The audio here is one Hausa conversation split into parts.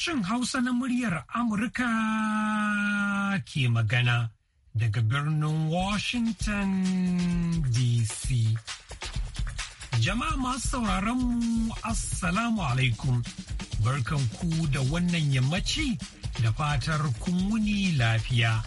Sashen Hausa na muryar Amurka ke magana daga birnin Washington DC. Jama'a masu sauraronmu Assalamu alaikum, barkanku da wannan yammaci da fatar kun lafiya.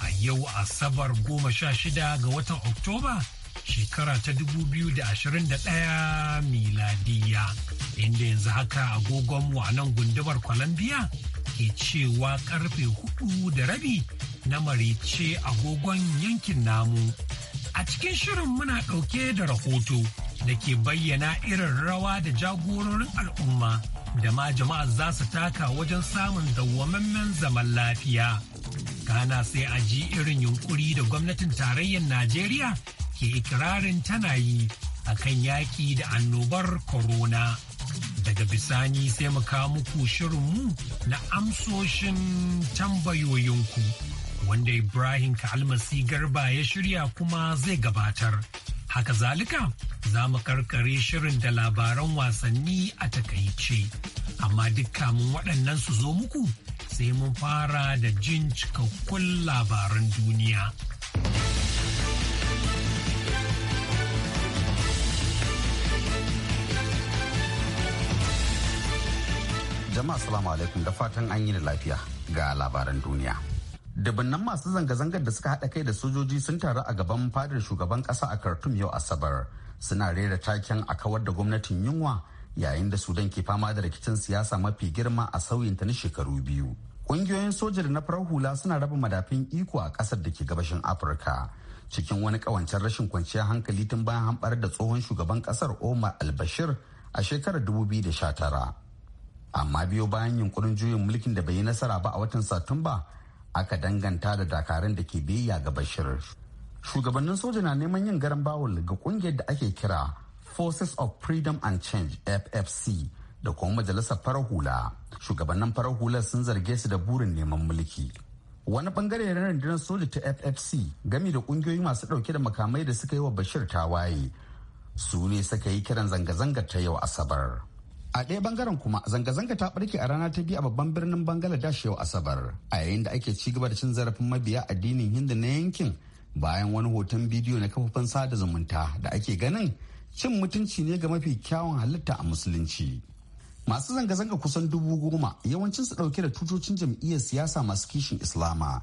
A yau Asabar goma sha shida ga watan Oktoba shekara ta 2021 miladiya inda yanzu haka agogonmu a nan gundumar Colombia ke cewa karfe hudu da rabi na marice agogon yankin namu. A cikin shirin muna ɗauke da rahoto da ke bayyana irin rawa da jagororin al'umma da ma jama'a za su taka wajen samun dawwamammen zaman lafiya. Kana sai a ji irin yunkuri da gwamnatin tarayyar Najeriya ke ikirarin tana yi a kan yaƙi da annobar corona. Daga bisani sai mu kawo muku shirinmu na amsoshin tambayoyinku wanda Ibrahim Kalmasi Garba ya shirya kuma zai gabatar. Haka zalika za mu karkare shirin da labaran wasanni a takaice. Amma duk kamun waɗannan su zo muku sai mun fara da jin cikakkun labaran duniya. Jama'a salamu alaikum da fatan an yi da lafiya ga labaran duniya. Dabannan masu zanga-zangar da suka haɗa kai da sojoji sun taru a gaban fadar shugaban ƙasa a Khartoum yau Asabar. Suna rera taken a kawar da gwamnatin yunwa yayin da Sudan ke fama da rikicin siyasa mafi girma a sauyin ta na shekaru biyu. Ƙungiyoyin soja da na farar hula suna raba madafin iko a ƙasar da ke gabashin Afirka. cikin wani ƙawancen rashin kwanciyar hankali tun bayan hamɓar da tsohon shugaban ƙasar Omar al-Bashir a shekarar 2019. amma biyo bayan yunkurin juyin mulkin da bai yi nasara ba a watan satumba aka danganta da dakarun da ke biyayya ga bashir shugabannin soja na neman yin garan bawul ga kungiyar da ake kira forces of freedom and change ffc da kuma majalisar farar hula shugabannin farar hular sun zarge su da burin neman mulki wani bangare na rundunar soja ta ffc gami da kungiyoyi masu dauke da makamai da suka yi wa bashir tawaye su ne suka yi kiran zanga-zangar ta yau asabar a ɗaya bangaren kuma zanga-zanga ta ɓarke a rana ta biyu a babban birnin bangaladesh yau asabar a yayin da ake ci gaba da cin zarafin mabiya addinin hindu na yankin bayan wani hoton bidiyo na kafafen sada zumunta da ake ganin cin mutunci ne ga mafi kyawun halitta a musulunci masu zanga-zanga kusan dubu goma yawancin su ɗauke da tutocin jam'iyyar siyasa masu kishin islama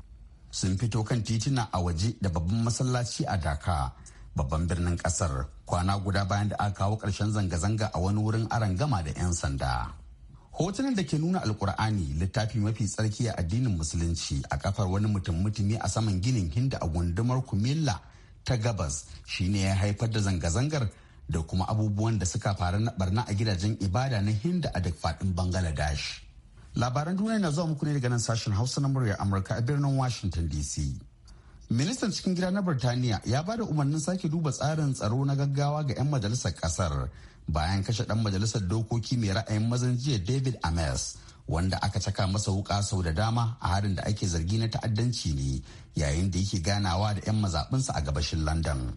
sun fito kan tituna a waje da babban masallaci a daka babban birnin kasar kwana guda bayan da aka kawo karshen zanga-zanga a wani wurin gama da 'yan sanda. Hotunan da ke nuna alkur'ani littafi mafi tsarki a addinin musulunci a kafar wani mutum mutumi a saman ginin hinda a gundumar kumilla ta gabas shine ya haifar da zanga-zangar da kuma abubuwan da suka faru na barna a gidajen ibada na hinda a duk faɗin bangaladesh labaran duniya na zuwa muku ne daga nan sashen hausa na muryar amurka a birnin washington dc ministan cikin gida na birtaniya ya ba da umarnin sake duba tsarin tsaro na gaggawa ga 'yan majalisar kasar bayan kashe dan majalisar dokoki mai ra'ayin mazan jiya david ames wanda aka caka masa wuka sau da dama a harin da ake zargi na ta'addanci ne yayin da yake ganawa da 'yan mazaɓinsa a gabashin london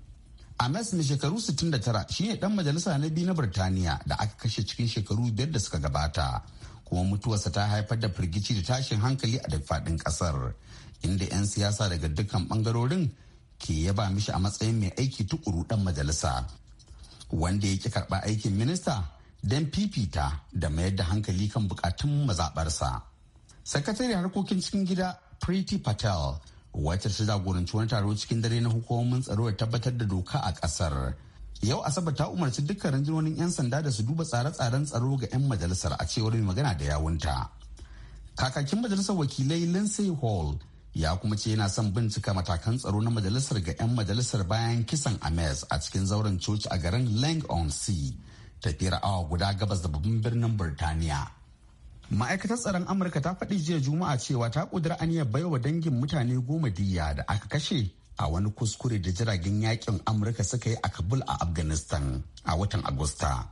ames mai shekaru 69 shine dan majalisa na biyu na birtaniya da aka kashe cikin shekaru biyar da suka gabata kuma mutuwarsa ta haifar da firgici da tashin hankali a dafaɗin ƙasar. kasar inda 'yan siyasa daga dukkan bangarorin ke yaba mishi a matsayin mai aiki tukuru dan majalisa wanda ya ki karɓa aikin minista don fifita da mayar da hankali kan bukatun mazaɓarsa. sakatare harkokin cikin gida Priti Patel wacce ta jagoranci wani taro cikin dare na hukumomin tsaro da tabbatar da doka a ƙasar. Yau Asabar ta umarci dukkan rundunonin 'yan sanda da su duba tsare-tsaren tsaro ga 'yan majalisar a cewar mai magana da yawunta. Kakakin majalisar wakilai Lindsay Hall ya kuma ce yana son bincika matakan tsaro na majalisar ga 'yan majalisar bayan kisan ames a cikin zauren coci a garin lang on sea tafiyar awa guda gabas da babban birnin birtaniya ma'aikatar tsaron amurka ta faɗi jiya juma'a cewa ta ƙudura aniyar bai wa dangin mutane goma diya da aka kashe a wani kuskure da jiragen yakin amurka suka yi a kabul a afghanistan a watan agusta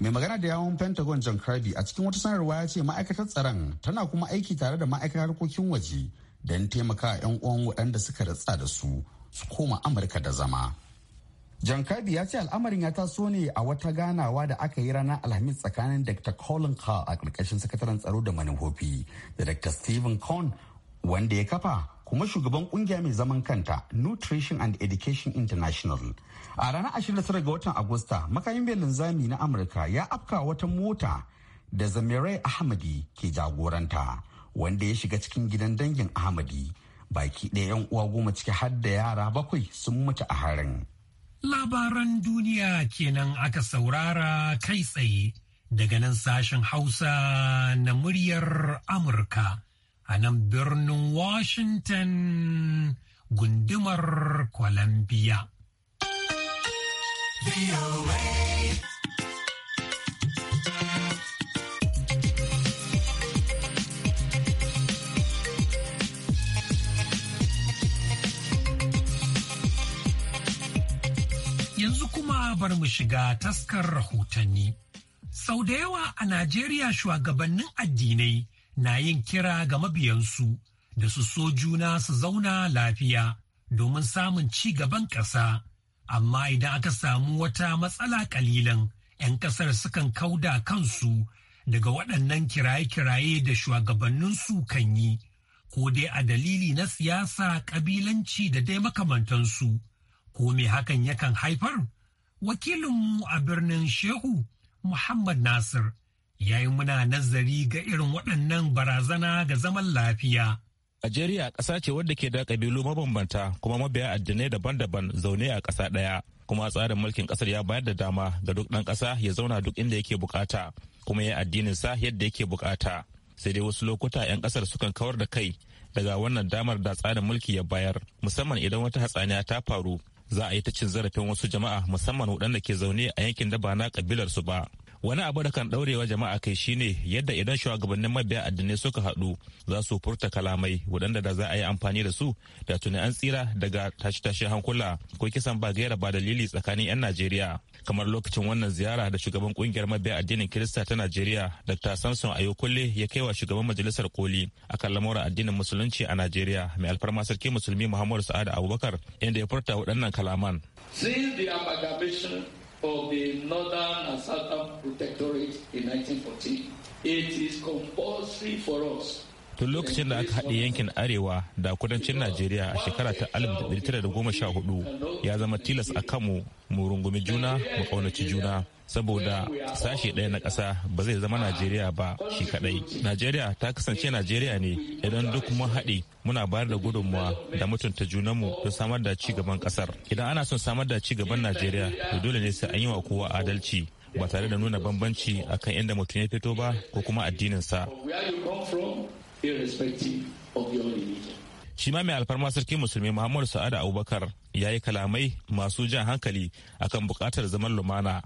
mai magana da yawon pentagon john kirby a cikin wata sanarwa ya ce ma'aikatar tsaron tana kuma aiki tare da ma'aikatar harkokin waje don taimaka 'yan uwan waɗanda suka ratsa da su su koma amurka da zama jan kabi ya ce al'amarin ya taso ne a wata ganawa da aka yi ranar alhamis tsakanin dr colin carr a ƙarƙashin sakataren tsaro da manufofi da dr stephen cohn wanda ya kafa kuma shugaban kungiya mai zaman kanta nutrition and education international a ranar 29 ga watan agusta makayin belin zami na amurka ya afka wata mota da zamirai ahmadi ke jagoranta wanda ya shiga cikin gidan dangin ahmadi baki ɗaya 'yan uwa goma ciki har da yara bakwai sun mutu a harin labaran duniya kenan aka saurara kai tsaye daga nan sashen hausa na muryar amurka a nan birnin washington gundumar columbia. bar mu shiga taskar rahotanni. Sau da yawa a Najeriya shugabannin addinai na yin kira ga mabiyansu da su so juna su zauna lafiya domin samun ci gaban ƙasa. Amma idan aka samu wata matsala ƙalilan, 'yan ƙasar sukan kauda kansu daga waɗannan kiraye-kiraye da shugabanninsu kan yi, ko dai a dalili na siyasa, ƙabilanci da dai makamantansu, ko me hakan yakan haifar wakilinmu a birnin Shehu Muhammad Nasir ya yi muna nazari ga irin waɗannan barazana ga zaman lafiya. Najeriya ƙasa ce wadda ke da ƙabilu mabambanta kuma mabiya addinai daban-daban zaune a ƙasa ɗaya. Kuma tsarin mulkin ƙasar ya bayar da dama ga duk ɗan ƙasa ya zauna duk inda yake bukata kuma ya addinin sa yadda yake bukata. Sai dai wasu lokuta 'yan ƙasar sukan kawar da kai daga wannan damar da tsarin mulki ya bayar musamman idan wata hatsaniya ta faru za a yi ta cin zarafin wasu jama'a musamman waɗanda ke zaune a yankin da ba na kabilar su ba wani abu da kan daurewa jama'a kai shine yadda idan shugabannin mabiya addinai suka haɗu za su furta kalamai waɗanda da za a yi amfani da su da tuni an tsira daga tashi-tashi hankula ko kisan ba gaira ba dalili tsakanin 'yan najeriya kamar lokacin wannan ziyara da shugaban kungiyar mabiya addinin kirista ta najeriya dr samson ayokulle ya kai wa shugaban majalisar koli akan lamuran addinin musulunci a najeriya mai alfarma sarki musulmi muhammadu sa'ad abubakar inda ya furta waɗannan kalaman. the amalgamation of the Northern and Southern Protectorate in 1914. It is compulsory for us tun lokacin da aka haɗe yankin arewa da kudancin najeriya a shekara ta 1914 ya zama tilas a kanmu mu rungumi juna mu ƙaunaci juna saboda sashe ɗaya na ƙasa ba zai zama najeriya ba shi kaɗai najeriya ta kasance najeriya ne idan duk mun haɗe muna bayar da gudunmuwa da mutunta junanmu don samar da ci gaban ƙasar idan ana son samar da ci gaban najeriya to dole ne sai an yi wa kowa adalci ba tare da nuna bambanci akan inda mutum ya fito ba ko kuma addininsa sa shi ma mai alfarma sarkin musulmi muhammadu sa'ada abubakar ya yi kalamai masu jan hankali akan bukatar zaman lumana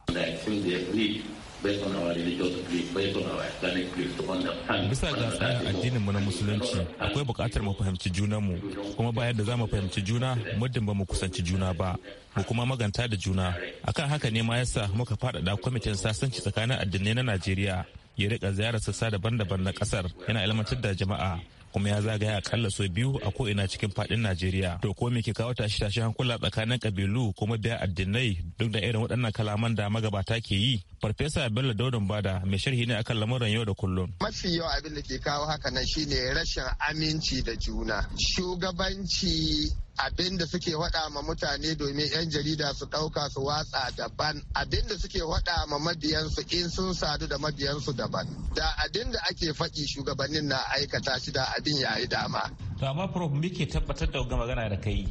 bisa ga tsarin addininmu na musulunci akwai bukatar mu fahimci mu kuma bayan da za mu fahimci juna muddin ba mu kusanci juna ba mu kuma maganta da juna akan haka ne ma yasa muka faɗaɗa kwamitin sasanci tsakanin addinai na najeriya ya rika ziyarar sassa daban-daban na kasar yana ilmantar da jama'a kuma ya zagaya akalla sau biyu a ko ina cikin fadin najeriya to ko me ke kawo tashi tashi hankula tsakanin kabilu kuma biya addinai duk da irin waɗannan kalaman da magabata ke yi farfesa bello daudon bada mai sharhi ne akan lamuran yau da kullum mafi yawa abin da ke kawo haka nan shine rashin aminci da juna shugabanci abin da suke waɗa ma mutane domin 'yan jarida su ɗauka su watsa daban abin da suke waɗa ma mabiyansu in sun sadu da mabiyansu daban da abin da ake faɗi shugabannin na aikata shi da abin ya yi dama to amma prof me ke tabbatar da magana da kai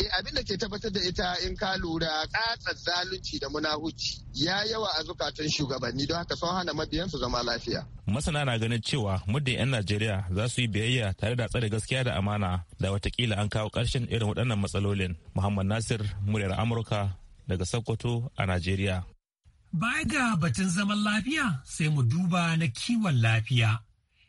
eh abin da ke tabbatar da ita in ka lura katsa zalunci da munahuci ya yawa a zukatan shugabanni don haka sun hana mabiyansu zama lafiya masana na ganin cewa muddin 'yan najeriya za su yi biyayya tare da tsare gaskiya da amana da watakila an kawo ƙarshen irin waɗannan matsalolin muhammad nasir muryar amurka daga sokoto a najeriya baya ga batun zaman lafiya sai mu duba na kiwon lafiya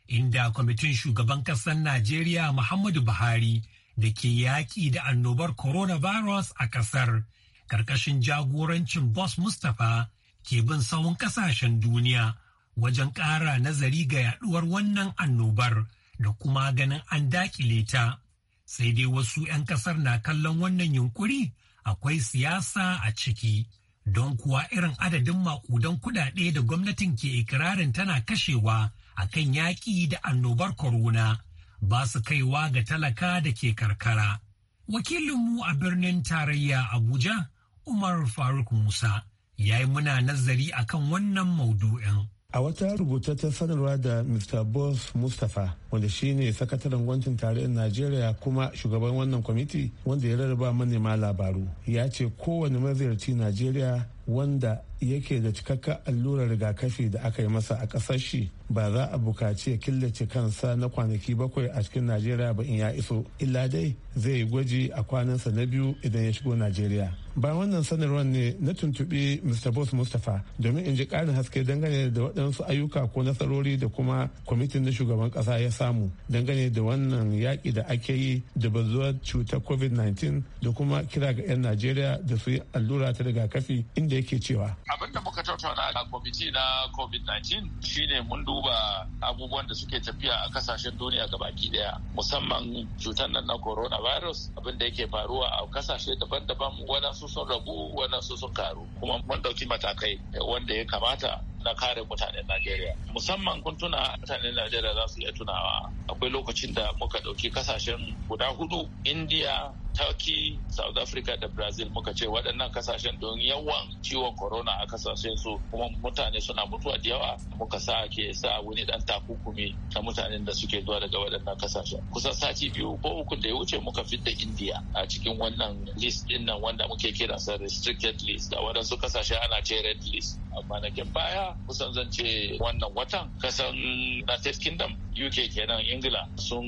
inda kwamitin shugaban ƙasar najeriya muhammadu buhari da ke yaƙi da annobar coronavirus a ƙasar ƙarƙashin jagorancin boss mustapha ke bin sawun ƙasashen duniya wajen ƙara nazari ga yaɗuwar wannan annobar da kuma ganin an dakile ta. Sai dai wasu 'yan ƙasar na kallon wannan yunkuri akwai siyasa a ciki. Don kuwa irin adadin maƙudan kuɗaɗe da gwamnatin ke ikirarin tana kashewa a kan yaƙi da annobar corona ba su kaiwa ga talaka da ke karkara. Wakilinmu a birnin tarayya Abuja, Umar Faruk Musa, ya yi muna nazari akan wannan maudu'in. a wata ta sanarwa da mr boss mustapha wanda shine sakataren gwamnatin tarayyar najeriya kuma shugaban wannan kwamiti wanda ya rarraba manema labaru ya ce kowane maziyarci najeriya wanda yake da cikakken allurar rigakafi da aka yi masa a ƙasar shi ba za a bukaci ya killace kansa na kwanaki bakwai a cikin najeriya ba in ya iso illa dai zai yi gwaji a kwanansa na biyu idan ya shigo najeriya bayan wannan sanarwar ne na tuntuɓi mr boss mustapha domin in ji ƙarin haske dangane da waɗansu ayyuka ko nasarori da kuma kwamitin na shugaban ƙasa ya samu dangane da wannan yaƙi da ake yi da bazuwar cutar covid-19 da kuma kira ga 'yan najeriya da su yi allura ta rigakafi inda yake cewa Abinda muka tattauna a kwamiti na covid-19 shine mun duba abubuwan da suke tafiya a kasashen duniya ga baki daya musamman cutar nan na coronavirus abin da yake faruwa a kasashe daban-daban wadansu sun rabu wadansu sun karu kuma mun ɗauki matakai wanda ya kamata na kare mutanen Najeriya. Musamman kun tuna mutanen Najeriya za su iya tunawa akwai lokacin da muka ɗauki kasashen guda hudu indiya. turkey south africa da brazil muka ce waɗannan kasashen don yawan ciwon corona a kasashen su kuma mutane suna mutuwa da yawa muka sa ke sa wani dan takunkumi na mutanen da suke zuwa daga waɗannan kasashen kusan sati biyu ko uku da ya wuce muka fitta india a cikin wannan list din nan wanda muke kira sa restricted list a waɗansu kasashe ana ce red list amma na baya kusan zan ce wannan watan kasan united kingdom uk kenan ingila sun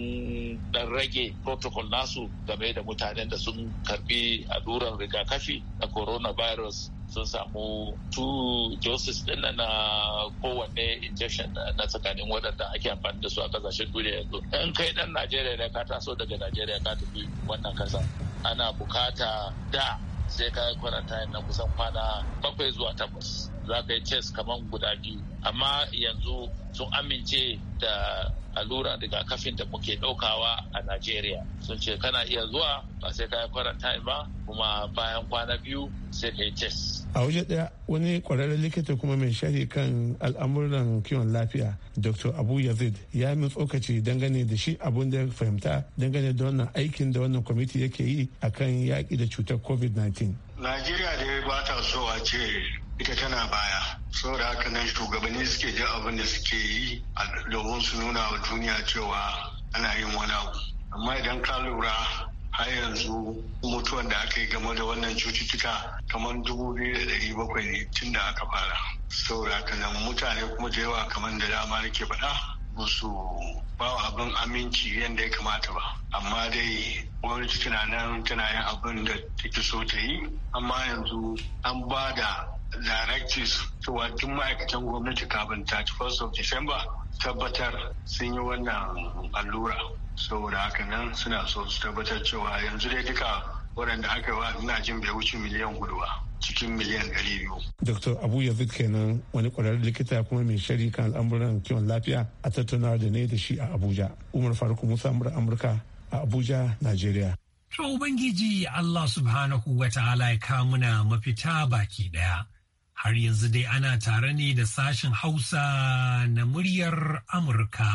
dan rage protocol nasu game da mutane mutanen da sun karbi alluran rigakafi na virus sun samu two doses din na kowanne injection na tsakanin waɗanda ake amfani da su a kasashen duniya yanzu in kai dan najeriya ne ka taso daga najeriya ka tafi wannan kasa ana bukata da sai ka yi kwanata na kusan kwana bakwai zuwa takwas za ka yi test kamar guda biyu amma yanzu sun amince da allura kafin da muke ɗaukawa a Najeriya. Sun ce kana iya zuwa ba sai ka yi quarantine ba kuma bayan kwana biyu sai ka yi test. A waje daya wani kwararren likita kuma mai shari kan al'amuran kiwon lafiya Dr. Abu Yazid ya min tsokaci dangane da shi abun da ya fahimta dangane da wannan aikin da wannan kwamiti yake yi akan yaƙi da cutar COVID-19. Najeriya da ba ta so ce ita tana baya saboda haka nan shugabanni suke jin abin da suke yi domin su nuna wa duniya cewa ana yin wani abu amma idan ka lura har yanzu mutuwan da aka yi game da wannan cututtuka kamar dubu biyu da ɗari bakwai ne tun da aka fara saboda haka nan mutane kuma da yawa kamar da dama nake faɗa ba su ba abin aminci yadda ya kamata ba amma dai gwamnati tana nan tana yin abin da take so ta yi amma yanzu an ba da directives cewa tun ma'aikatan gwamnati kafin 31st of December tabbatar sun yi wannan allura saboda haka nan suna so su tabbatar cewa yanzu dai duka waɗanda aka yi wa ina jin bai wuce miliyan hudu ba cikin miliyan ɗari biyu. Dr. Abu Yazid kenan wani ƙwararren likita kuma mai shari kan al'amuran kiwon lafiya a tattaunawa da ne da shi a Abuja. Umar Faruk Musa Amurka a Abuja, Najeriya. To Ubangiji Allah subhanahu wa ta'ala ya kamuna mafita baki ɗaya. Har yanzu dai ana tare ne da sashen Hausa na muryar Amurka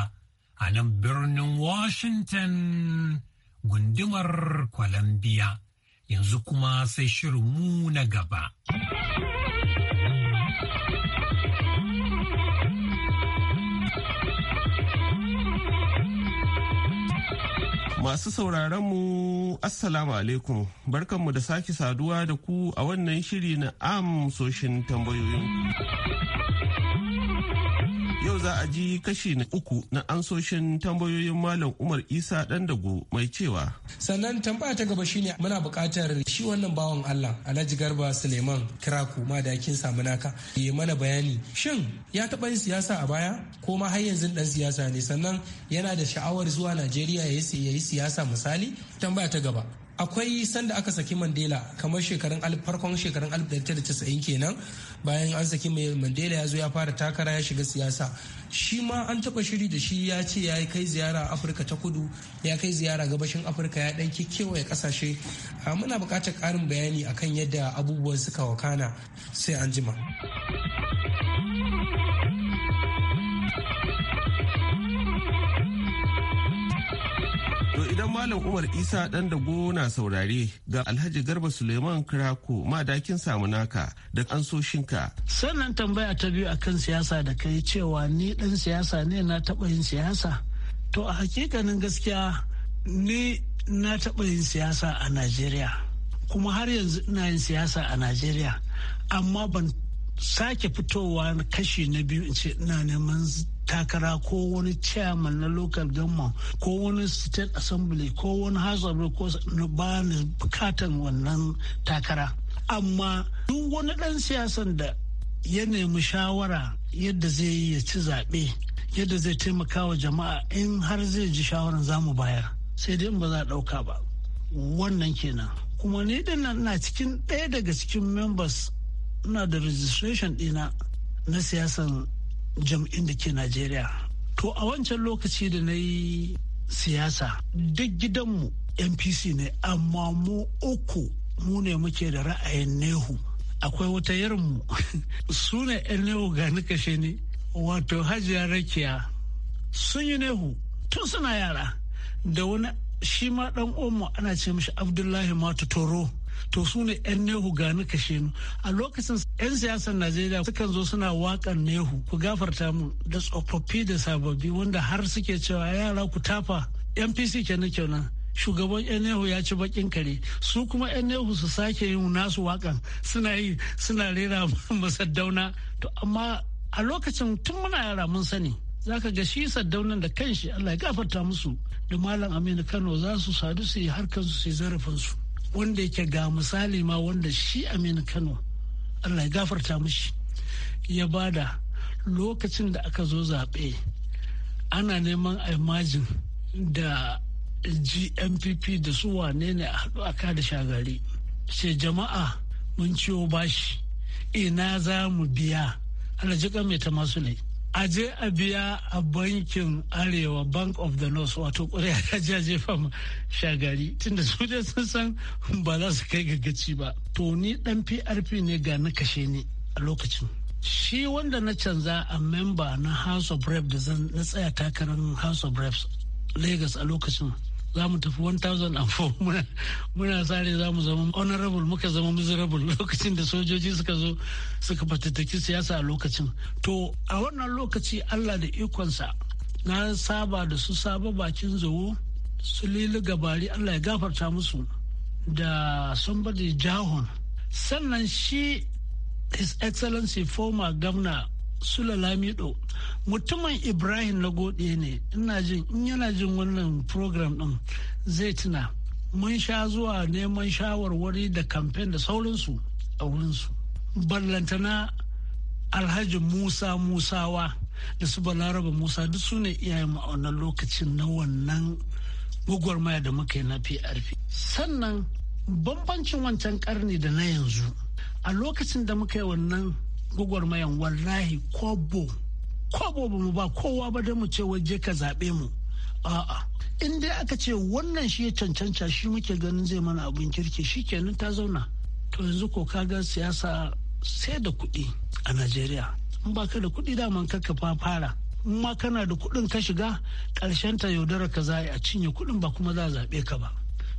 a nan birnin Washington gundumar Columbia. Yanzu kuma sai shirinmu na gaba. Masu sauraron mu Assalamu alaikum barkanmu da sake saduwa da ku a wannan shiri na amsoshin tambayoyin. za a ji kashi na uku na ansoshin tambayoyin Malam Umar Isa dago mai cewa. Sannan tambaya ta gaba shine muna buƙatar shi wannan bawan Allah Alhaji Garba Suleiman Kiraku ma da yakin samu naka ya mana bayani shin ya taɓa yin siyasa a baya ko ma har yanzu dan siyasa ne sannan yana da sha'awar zuwa Najeriya ya yi siyasa misali tambaya ta gaba. akwai sanda aka saki mandela kamar shekarun farkon shekarun 1990 kenan bayan an saki mai mandela ya zo ya fara takara ya shiga siyasa shi ma an taba shiri da shi ya ce ya kai ziyara afirka ta kudu ya kai ziyara gabashin afirka ya dan kewaye kasashe muna bukatar ƙarin bayani akan yadda abubuwan suka wakana sai an jima. Malam Umar Isa ɗan da gona saurare ga Alhaji Garba Suleiman Kirako madakin naka da ansoshinka. Sannan tambaya ta biyu a kan siyasa da kai cewa ni ɗan siyasa ne na taɓa yin siyasa. To a hakikanin gaskiya ni na taɓa yin siyasa a Najeriya. Kuma har yanzu ina yin siyasa a Najeriya. Amma ban sake fitowa kashi na biyu in ce ina neman takara ko wani chairman na local government ko wani state assembly ko wani house of ko ba ni bukatan wannan takara amma duk wani dan siyasan da ya nemi shawara yadda zai yi ya ci zaɓe yadda zai taimaka wa jama'a in har zai ji shawaran mu bayar sai dai in ba za a ɗauka ba wannan kenan kuma ni da na cikin ɗaya daga cikin members ina da registration ɗina na siyasan jam'in da ke najeriya to a wancan lokaci da na yi siyasa duk gidanmu npc ne amma mu uku mu ne muke da ra'ayin nehu akwai wata yarinmu su ne yan nehu ga kashe ne wato hajiya rakiya sun yi nehu tun suna yara da wani shi ma ɗan omo ana ce mishi abdullahi matu toro to su ne 'yan nehu na kashe nu a lokacin 'yan siyasar najeriya sukan zo suna wakan nehu ku gafarta mu da tsofaffi da sababbi wanda har suke cewa yara ku tafa mpc kenan kenan shugaban yan nehu ya ci bakin kare su kuma yan nehu su sake yin nasu wakan suna yi suna rera masaddauna to amma a lokacin tun muna yara mun sani zaka ga shi saddaunan da kanshi Allah ya gafarta musu da malam Aminu Kano za su sadu su yi harkar su yi zarafin wanda yake ga misali ma wanda shi aminu kano allah ya gafarta mishi ya bada lokacin da aka zo zaɓe ana neman imajin da gmpp da su wane ne a haɗu aka da shagari ce jama'a mun ciwo bashi ina za mu biya alajika mai ta masu ne a je a biya a bankin arewa bank of the north wato kuri'a ta je jefa shagari tunda su dai sun san ba za su kai gaggaci ba to ni dan prp ne ga na kashe ni a lokacin shi wanda na canza a memba na house of reps da zan na tsaya takarar house of reps lagos a lokacin za mu tafi 1004 muna tsare za mu zama honorable muka zama miserable lokacin da sojoji suka zo suka fatattaki siyasa a lokacin to a wannan lokaci allah da ikonsa na saba da su saba bakin zowo su lili gabari allah ya gafarta musu da somebody jahon sannan shi his excellency former governor Sula Lamido mutumin Ibrahim na gode ne ina jin in yana jin wannan program din zai tuna mun sha zuwa neman shawarwari da kamfen da saurinsu a wurinsu. Ballantana Alhaji Musa Musawa da su Balaraba Musa duk su ne iyayenmu a wannan lokacin na wannan gwagwarmaya da muka yi na PRP. Sannan bambancin wancan karni da na yanzu a lokacin da muka yi wannan gwagwarmayan wallahi kobo kobo ba mu ba kowa ba don mu ce waje ka zaɓe mu a'a in dai aka ce wannan shi ya cancanta shi muke ganin zai mana abin kirki shi kenan ta zauna to yanzu ko ga siyasa sai da kuɗi a najeriya in ba ka da kuɗi daman ka fara in ma kana da kuɗin ka shiga ƙarshen ta yaudara ka za a cinye kuɗin ba kuma za a zaɓe ka ba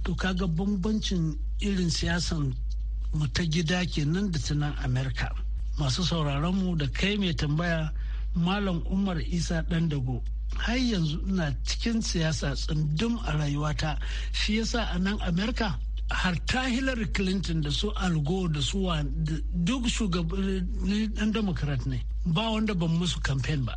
to kaga bambancin irin siyasan mu ta gida kenan da ta nan amerika masu sauraronmu da kai mai tambaya malam umar isa ɗan dago har yanzu ina cikin siyasa tsundum a rayuwata shi yasa a nan amerika har ta hillary clinton da su al gore da su duk shugabannin dan democrat ne ba wanda ban musu campaign ba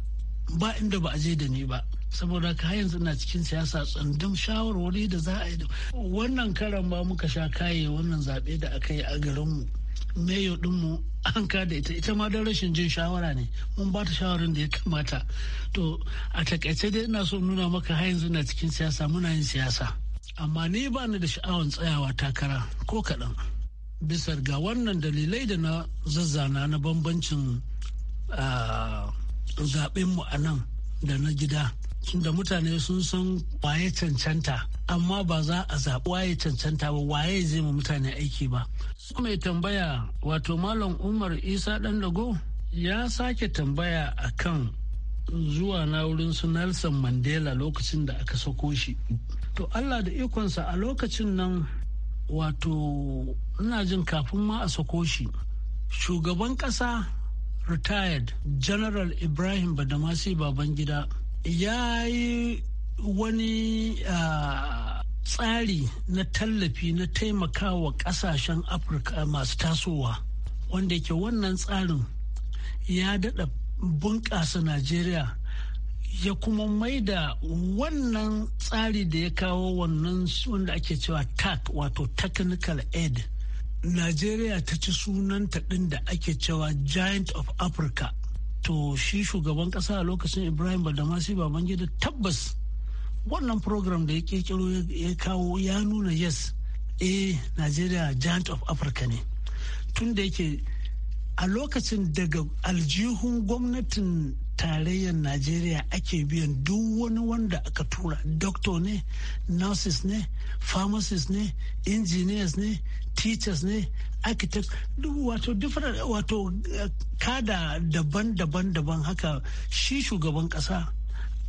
ba inda ba a je da ni ba saboda ka yanzu ina cikin siyasa tsundum shawarwari da za a yi wannan karan ba muka sha kaye wannan zaɓe da aka yi a garinmu mayo dinmu an da ita ita ma don rashin jin shawara ne mun ba ta shawarin da ya kamata to a takaice dai ina so nuna maka har yanzu na cikin siyasa muna yin siyasa amma ni ba ni da sha'awar tsayawa takara ko kaɗan bisa ga wannan dalilai da na zazzana na bambancin zaɓenmu a nan da na gida da mutane sun san waye cancanta amma ba za a zaɓi waye cancanta ba waye zai ma mutane aiki ba su mai tambaya wato malam umar isa dan dago ya sake tambaya akan zuwa na wurin su Nelson Mandela lokacin da aka sako shi. To Allah da ikonsa a lokacin nan wato ina jin kafin ma a sako shi. Shugaban kasa retired General Ibrahim Badamasi Babangida ya yi wani ah, tsari na tallafi na taimakawa kasashen afirka masu tasowa wanda ke wannan tsarin ya daɗa bunƙasa najeriya ya kuma mai da wannan tsari da ya kawo wannan wanda ake cewa tac wato technical aid najeriya ta ci sunanta ɗin da ake cewa giant of africa to shi shugaban ƙasa a lokacin ibrahim badamasi babangida tabbas wannan program da ya ƙirƙiro ya kawo ya nuna yes a eh, nigeria giant of africa ne tun da yake a lokacin daga aljihun gwamnatin tarayyar nigeria ake biyan duk wani wanda aka tura doctor ne nurses ne pharmacists ne engineers ne teachers ne architects wato different wato eh, kada daban-daban daban haka shi shugaban kasa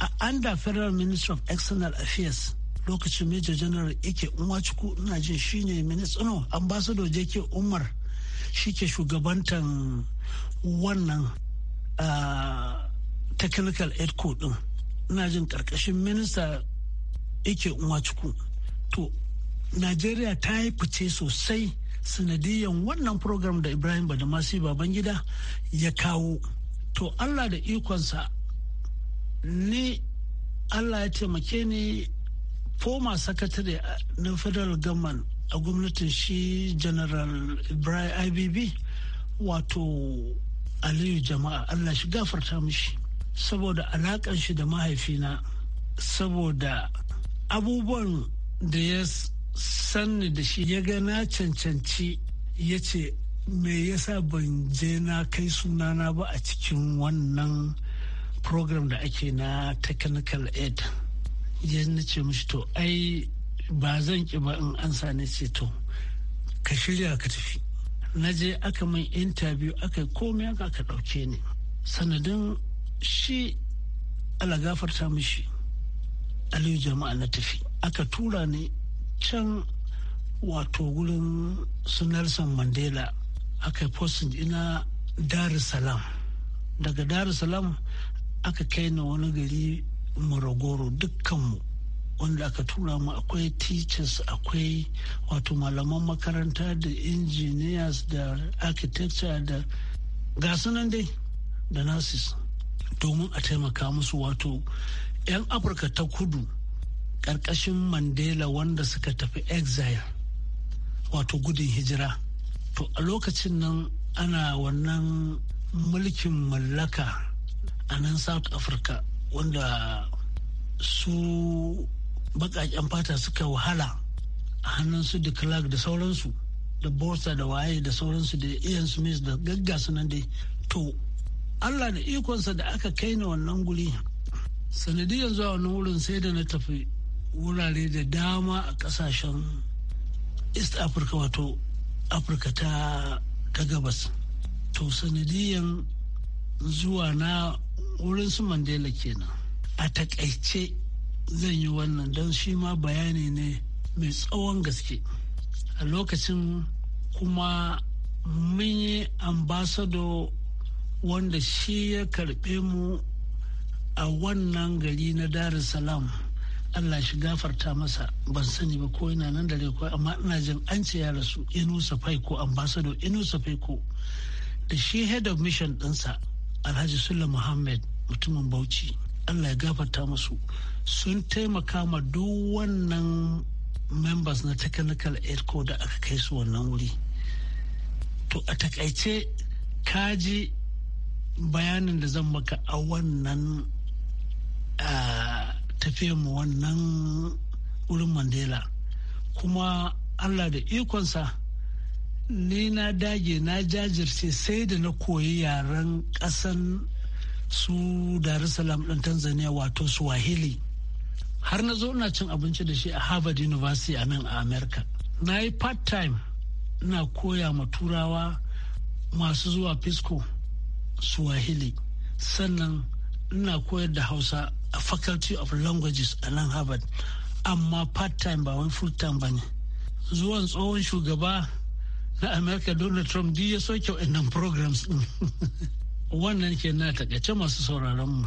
a under federal minister of external affairs lokacin major general Ike Nwachukwu ina jin shine minister no ambassador jake umar shi ke shugabantan wannan technical aid code din ina jin karkashin Minister Ike Nwachukwu. to najeriya ta yi fice sosai sanadiyan wannan program da ibrahim badamasi babangida ya kawo to allah da ikonsa ni allah ya taimake ni former secretary na federal government a gwamnatin shi general ibrahim ibb wato aliyu jama'a allah shi gafarta mishi saboda alakan shi da mahaifina saboda abubuwan da ya sanni da shi ya gana cancanci ya ce me yasa ban je na kai sunana ba a cikin wannan program da ake na technical aid ya na ce mishi to ai ba zan ki ba in an sani ce to ka shirya ka tafi na je aka min interview aka komai aka ka ɗauke ni sanadin shi alagafarta mishi aliyu jama'a na tafi aka tura ni can wato gurin su nelson mandela aka yi posting ina dar salam daga dar salam aka kai na wani gari maragoro dukkanmu wanda aka tura mu akwai teachers akwai wato malaman makaranta da engineers da architecture da gasu nan dai da nurses domin a taimaka musu wato 'yan afirka ta kudu ƙarƙashin mandela wanda suka tafi exile wato gudun hijira to a lokacin nan ana wannan mulkin mallaka a nan south africa wanda su baƙaƙen fata suka wahala a hannunsu da clark da sauransu da borsa da waye da sauransu da ian smith da gagga sunan dai to allah da ikonsa da aka kai na wannan guri sanadiyar zuwa wannan wurin sai da na tafi wurare da dama a kasashen east africa wato afirka ta gabas to sanadiyan zuwa na wurin su mandela kenan a takaice zan yi wannan don shi ma bayani ne mai tsawon gaske a lokacin kuma mun yi ambasado wanda shi ya karɓe mu a wannan gari na dar salaam Allah shi gafarta masa ban sani ba ko yana nan da ko amma ina jin an ce ya rasu ko ambasado ambassador safai ko da shi head of mission ɗinsa alhaji sulla muhammad mutumin bauchi allah ya gafarta masu sun taimaka ma duk wannan members na technical aid ko da aka kai su wannan wuri to a takaice kaji bayanin da zan maka a wannan tafiyar mu wannan wurin mandela kuma allah da ikonsa ni na dage na jajirce sai da na koyi yaren ƙasan su darussalam ɗin tanzania wato swahili har na zo ina cin abinci da shi a harvard university a nan a america na yi part-time na koya ma turawa masu zuwa fisco swahili sannan ina koyar da hausa a faculty of languages a nan harvard amma part-time ba wani full-time ba ne zuwan tsohon shugaba na america donald trump duk ya soke wa'annan programs din wannan ke na takaice masu sauraron mu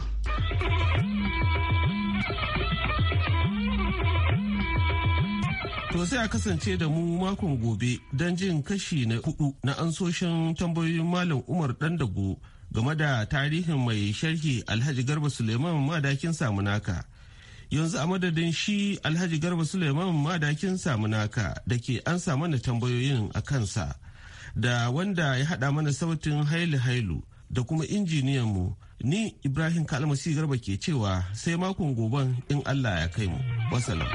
To sai a kasance da mu makon gobe don jin kashi na hudu na ansoshin tambayoyin Malam Umar dago game da tarihin mai sharhi Alhaji Garba Suleiman Madakin Samunaka yanzu a madadin shi alhaji garba suleiman madakin naka da ke an samu mana tambayoyin a kansa da wanda ya haɗa mana sautin hailu hailu da kuma mu ni ibrahim kalmasi garba ke cewa sai makon goben in allah ya kai mu wasalam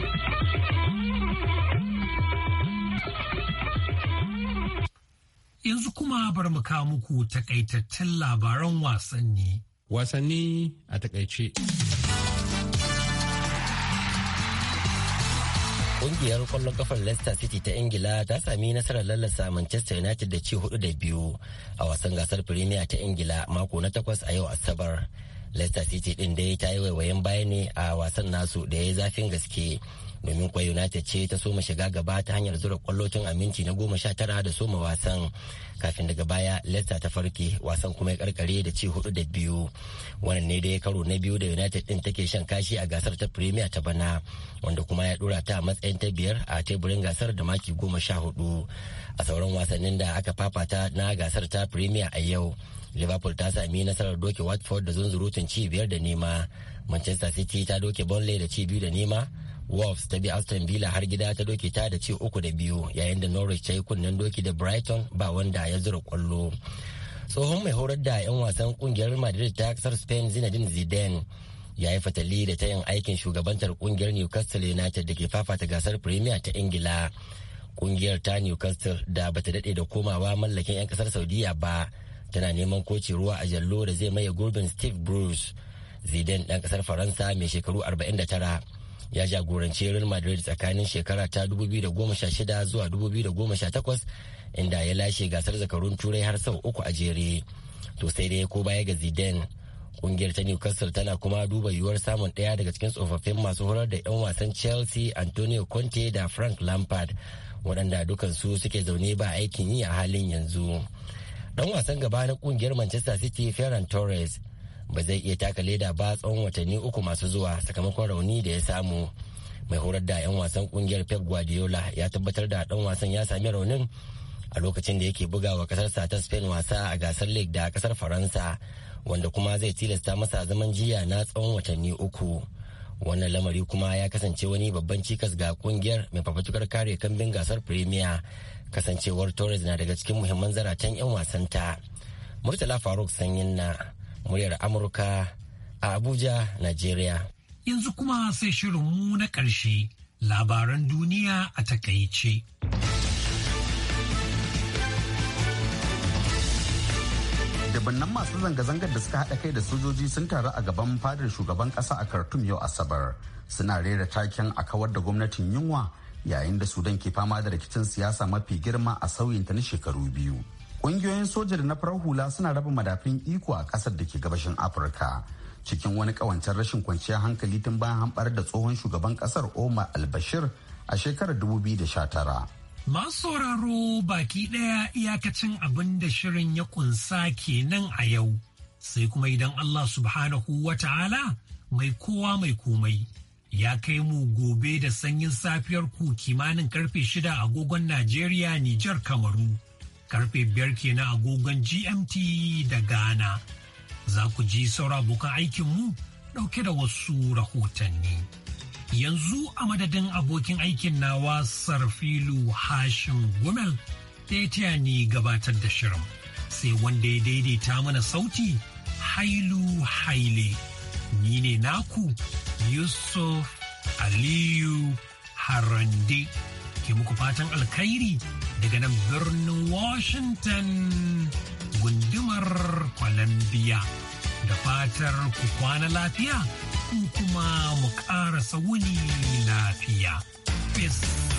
yanzu kuma bar mu kawo muku takaitaccen labaran wasanni wasanni a takaice Kungiyar kwallon kafar Leicester City ta Ingila ta sami nasarar lallasa Manchester United da ci hudu da biyu a wasan gasar Premier ta Ingila mako na takwas a yau Asabar. Leicester City ɗin dai ta yi waiwayen baya ne a wasan nasu da ya yi zafin gaske domin kwai united ce ta soma shiga gaba ta hanyar zura kwallo aminci na goma sha tara da soma wasan kafin daga baya leicester ta farke wasan kuma ya karkare da ci hudu da biyu wannan ne da ya karo na biyu da united din take shan kashi a gasar ta premier ta bana wanda kuma ya dora ta a matsayin ta biyar a teburin gasar da maki goma sha hudu a sauran wasannin da aka fafata na gasar ta premier a yau liverpool ta sami nasarar doke watford da zunzurutun ci biyar da nema manchester city ta doke burnley da ci biyu da nema Wolves ta bi Aston Villa har gida ta doke ta da ci uku da biyu yayin da Norwich ta yi kunnen doki da Brighton ba wanda ya zura kwallo. Tsohon mai horar da 'yan wasan kungiyar Madrid ta kasar Spain Zinedine Zidane ya yi fatali da ta yin aikin shugabantar kungiyar Newcastle United da ke fafata gasar Premier ta Ingila. Kungiyar ta Newcastle da bata dade da komawa mallakin 'yan kasar Saudiya ba tana neman koci ruwa a jallo da zai maye gurbin Steve Bruce. Zidane ɗan kasar Faransa mai shekaru 49 ya jagoranci Real Madrid tsakanin shekara ta 2016 zuwa 2018 inda ya lashe gasar zakarun turai har sau uku a jere. To sai dai ko baya ga Zidane kungiyar ta Newcastle tana kuma duba yiwuwar samun ɗaya daga cikin tsofaffin masu horar da 'yan wasan Chelsea Antonio Conte da Frank Lampard waɗanda dukansu suke zaune ba aikin yi a halin yanzu. Ɗan wasan gaba na kungiyar Manchester City Ferran Torres ba zai iya taka leda ba tsawon watanni uku masu zuwa sakamakon rauni da ya samu mai horar da 'yan wasan kungiyar pep guardiola ya tabbatar da dan wasan ya sami raunin a lokacin da yake bugawa kasar sa ta spain wasa a gasar league da kasar faransa wanda kuma zai tilasta masa zaman jiya na tsawon watanni uku wannan lamari kuma ya kasance wani babban cikas ga kungiyar mai fafatukar kare kambin gasar premier kasancewar torres na daga cikin muhimman zaratan 'yan wasanta murtala faruk sanyin na muryar Amurka a Abuja, Najeriya. Yanzu kuma sai shirinmu na ƙarshe labaran duniya a takaice. Dabannan masu zanga-zangar da suka haɗa kai da sojoji sun taru a gaban fadar shugaban ƙasa a Khartoum yau Asabar. Suna rera taken a kawar da gwamnatin yunwa yayin da Sudan ke fama da rikicin siyasa mafi girma a sauyinta na shekaru biyu. Ƙungiyoyin soja da na farar hula suna raba madafin iko a kasar da ke gabashin Afirka. Cikin wani ƙawancen rashin kwanciyar hankali tun bayan hamɓar da tsohon shugaban kasar Omar albashir a shekarar 2019. Masu sauraro baki ɗaya iyakacin abin da shirin ya kunsa kenan a yau. Sai kuma idan Allah subhanahu wa ta'ala mai kowa mai komai ya kai mu gobe da sanyin safiyar ku kimanin karfe shida agogon Najeriya, Nijar, Kamaru. karfe biyar kenan agogon GMT da Ghana. Za ku ji saura abokan aikinmu ɗauke da wasu rahotanni. Yanzu a madadin abokin aikin nawa Sarfilu Hashim Gumel da ya taya ni gabatar da shirin. Sai wanda ya daidaita mana sauti Hailu Haile. Ni ne naku Yusuf Aliyu Harande. Ke muku fatan alkhairi. daga nan birnin Washington gundumar Columbia. Da fatar ku kwana lafiya, ku kuma mu ƙara wuni lafiya. Peace.